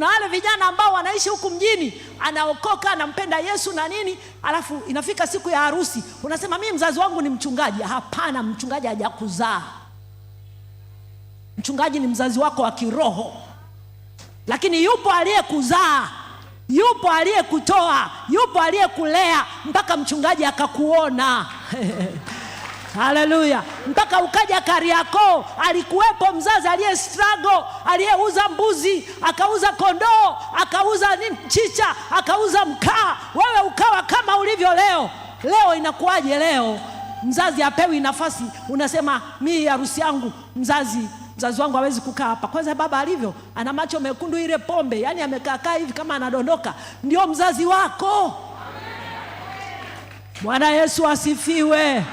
kuna wale vijana ambao wanaishi huku mjini, anaokoka anampenda Yesu na nini, alafu inafika siku ya harusi, unasema mimi mzazi wangu ni mchungaji. Hapana, mchungaji hajakuzaa, mchungaji ni mzazi wako wa kiroho, lakini yupo aliyekuzaa, yupo aliyekutoa, yupo aliyekulea mpaka mchungaji akakuona Haleluya! Mpaka ukaja Kariakoo, alikuwepo mzazi aliye struggle, aliyeuza mbuzi akauza kondoo akauza mchicha chicha akauza mkaa, wewe ukawa kama ulivyo leo. Leo inakuwaje? Leo mzazi apewi nafasi, unasema mi harusi yangu mzazi mzazi wangu hawezi kukaa hapa. Kwanza baba alivyo, ana macho mekundu, ile pombe yani amekaakaa hivi kama anadondoka. Ndio mzazi wako. Bwana Yesu asifiwe.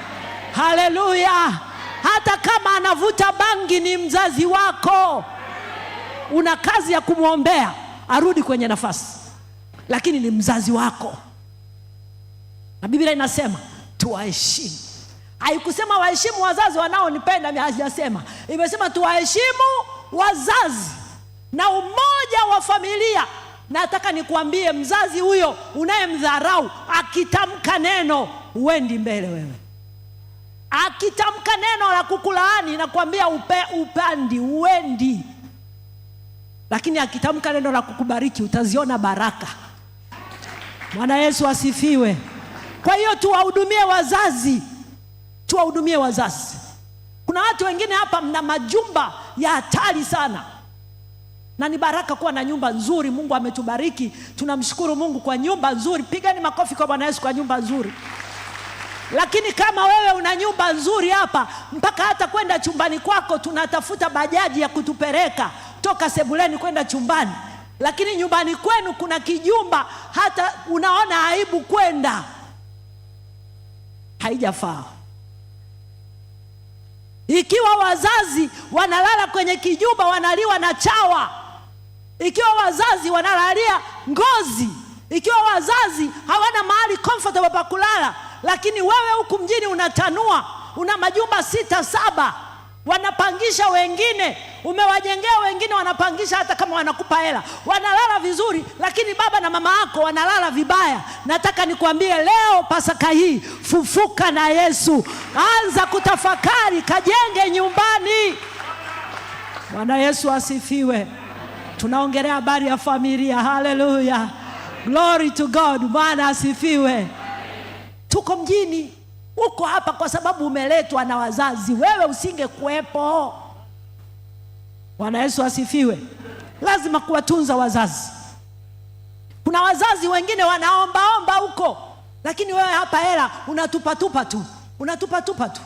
Haleluya! Hata kama anavuta bangi, ni mzazi wako, una kazi ya kumwombea arudi kwenye nafasi, lakini ni mzazi wako, na Biblia inasema tuwaheshimu. Haikusema waheshimu wazazi wanaonipenda, hajasema. Imesema tuwaheshimu wazazi na umoja wa familia. Nataka nikuambie, mzazi huyo unayemdharau akitamka neno, huendi mbele wewe akitamka neno la kukulaani na kuambia upe upandi uendi, lakini akitamka neno la kukubariki utaziona baraka. Bwana Yesu asifiwe. Kwa hiyo tuwahudumie wazazi, tuwahudumie wazazi. Kuna watu wengine hapa mna majumba ya hatari sana, na ni baraka kuwa na nyumba nzuri. Mungu ametubariki, tunamshukuru Mungu kwa nyumba nzuri. Pigani makofi kwa Bwana Yesu kwa nyumba nzuri. Lakini kama wewe una nyumba nzuri hapa, mpaka hata kwenda chumbani kwako tunatafuta bajaji ya kutupeleka toka sebuleni kwenda chumbani, lakini nyumbani kwenu kuna kijumba hata unaona aibu kwenda, haijafaa. Ikiwa wazazi wanalala kwenye kijumba wanaliwa na chawa, ikiwa wazazi wanalalia ngozi, ikiwa wazazi hawana mahali comfortable pa kulala lakini wewe huku mjini unatanua, una majumba sita saba, wanapangisha wengine, umewajengea wengine, wanapangisha hata kama wanakupa hela, wanalala vizuri, lakini baba na mama yako wanalala vibaya. Nataka nikuambie leo, Pasaka hii, fufuka na Yesu, anza kutafakari, kajenge nyumbani. Bwana Yesu asifiwe. Tunaongelea habari ya familia. Haleluya, glory to God. Bwana asifiwe tuko mjini, uko hapa kwa sababu umeletwa na wazazi, wewe usingekuwepo. Bwana Yesu asifiwe. Lazima kuwatunza wazazi. Kuna wazazi wengine wanaombaomba huko, lakini wewe hapa hela unatupatupa tu, unatupatupa tu.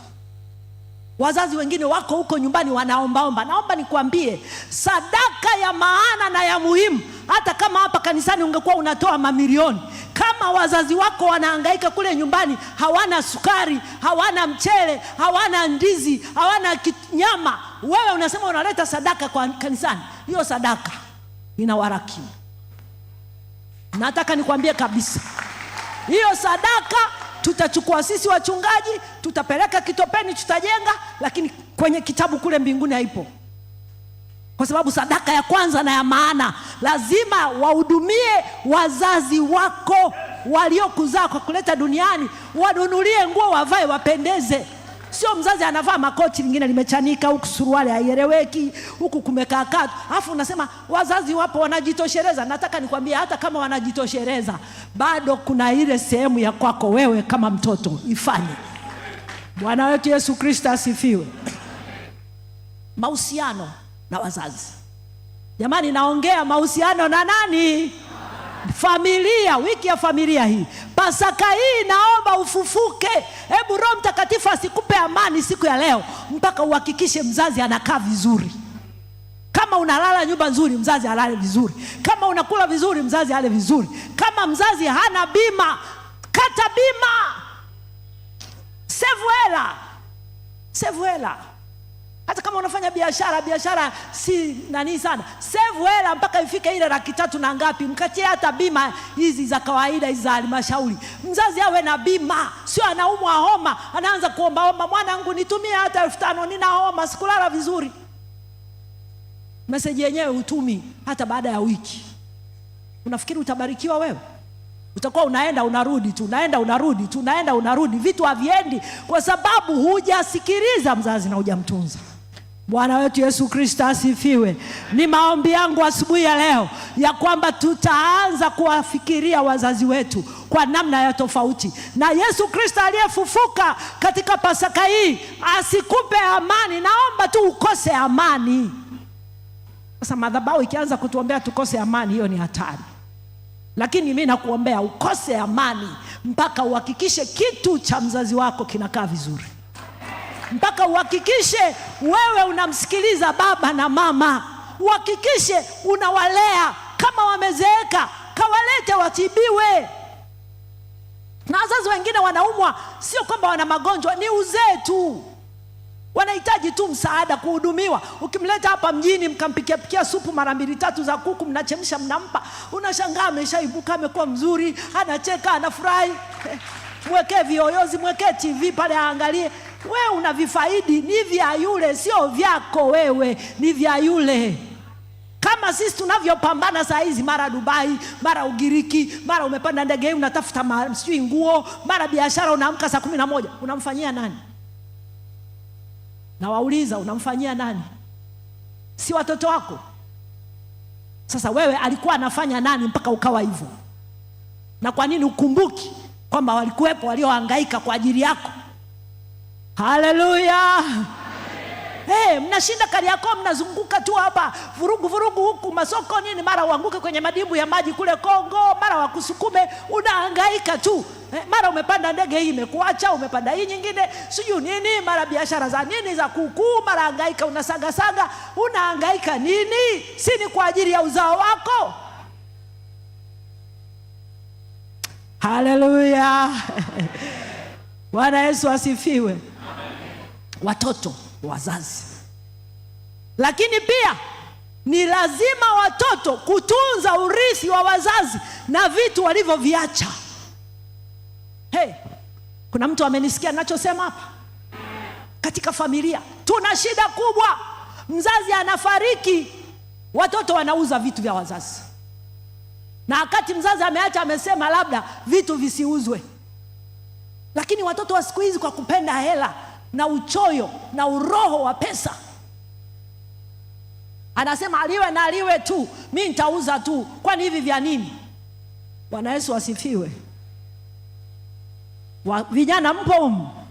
Wazazi wengine wako huko nyumbani wanaombaomba. Naomba nikuambie, sadaka ya maana na ya muhimu, hata kama hapa kanisani ungekuwa unatoa mamilioni kama wazazi wako wanahangaika kule nyumbani, hawana sukari, hawana mchele, hawana ndizi, hawana nyama, wewe unasema unaleta sadaka kwa kanisani, hiyo sadaka ina warakimu. Nataka nikwambie kabisa, hiyo sadaka tutachukua sisi wachungaji, tutapeleka kitopeni, tutajenga, lakini kwenye kitabu kule mbinguni haipo, kwa sababu sadaka ya kwanza na ya maana lazima wa wahudumie wazazi wako waliokuzaa kwa kuleta duniani, wanunulie nguo wavae, wapendeze. Sio mzazi anavaa makoti, lingine limechanika huku, suruali haieleweki huku, kumekaakaa alafu unasema wazazi wapo wanajitosheleza. Nataka nikwambie, hata kama wanajitosheleza, bado kuna ile sehemu ya kwako wewe kama mtoto, ifanye. Bwana wetu Yesu Kristo asifiwe. Mahusiano na wazazi Jamani, naongea mahusiano na nani? Familia, wiki ya familia hii, Pasaka hii, naomba ufufuke. Hebu Roho Mtakatifu asikupe amani siku ya leo mpaka uhakikishe mzazi anakaa vizuri. Kama unalala nyumba nzuri, mzazi alale vizuri. Kama unakula vizuri, mzazi ale vizuri. Kama mzazi hana bima, kata bima, sevu hela, sevu hela. Hata kama unafanya biashara, biashara si nani sana, save hela mpaka ifike ile laki tatu na ngapi, mkatie hata bima hizi za kawaida hizi za halmashauri. Mzazi awe na bima, sio anaumwa homa anaanza kuombaomba, mwanangu nitumie hata elfu tano nina homa, sikulala vizuri. Meseji yenyewe hutumi hata baada ya wiki. Unafikiri utabarikiwa wewe? Utakuwa unaenda unarudi tu, unaenda unarudi tu, unaenda unarudi, vitu haviendi kwa sababu hujasikiliza mzazi na hujamtunza. Bwana wetu Yesu Kristo asifiwe. Ni maombi yangu asubuhi ya leo ya kwamba tutaanza kuwafikiria wazazi wetu kwa namna ya tofauti, na Yesu Kristo aliyefufuka katika Pasaka hii asikupe amani. Naomba tu ukose amani. Sasa madhabahu ikianza kutuombea tukose amani, hiyo ni hatari. Lakini mimi nakuombea ukose amani mpaka uhakikishe kitu cha mzazi wako kinakaa vizuri mpaka uhakikishe wewe unamsikiliza baba na mama, uhakikishe unawalea. Kama wamezeeka, kawalete watibiwe. Na wazazi wengine wanaumwa, sio kwamba wana magonjwa, ni uzee tu, wanahitaji tu msaada kuhudumiwa. Ukimleta hapa mjini mkampikia pikia supu mara mbili tatu za kuku, mnachemsha mnampa, unashangaa ameshaibuka, amekuwa mzuri, anacheka, anafurahi. Mwekee viyoyozi, mwekee TV pale aangalie wewe unavifaidi ni vya yule, sio vyako wewe, ni vya yule. Kama sisi tunavyopambana saa hizi, mara Dubai, mara Ugiriki, mara umepanda ndege, unatafuta sijui nguo, mara biashara, unaamka saa kumi na moja, unamfanyia nani? Nawauliza, unamfanyia nani? Si watoto wako? Sasa wewe alikuwa anafanya nani mpaka ukawa hivyo? Na kwa nini ukumbuki kwamba walikuwepo waliohangaika kwa ajili yako? Haleluya! Hey, mnashinda Kariakoo, mnazunguka tu hapa vurugu vurugu, huku masoko nini, mara uanguke kwenye madimbu ya maji kule Kongo, mara wakusukume, unahangaika tu hey, eh, mara umepanda ndege hii imekuacha, umepanda hii nyingine sijui nini, mara biashara za nini za kukuu mara hangaika, unasagasaga, unahangaika nini? Si ni kwa ajili ya uzao wako? Haleluya! Bwana Yesu asifiwe watoto wazazi, lakini pia ni lazima watoto kutunza urithi wa wazazi na vitu walivyoviacha. Hey, kuna mtu amenisikia ninachosema hapa? Katika familia tuna shida kubwa, mzazi anafariki, watoto wanauza vitu vya wazazi, na wakati mzazi ameacha, amesema labda vitu visiuzwe, lakini watoto wa siku hizi kwa kupenda hela na uchoyo na uroho wa pesa. Anasema aliwe na aliwe tu, mi nitauza tu. Kwani hivi vya nini? Bwana Yesu asifiwe. Vijana mpo umu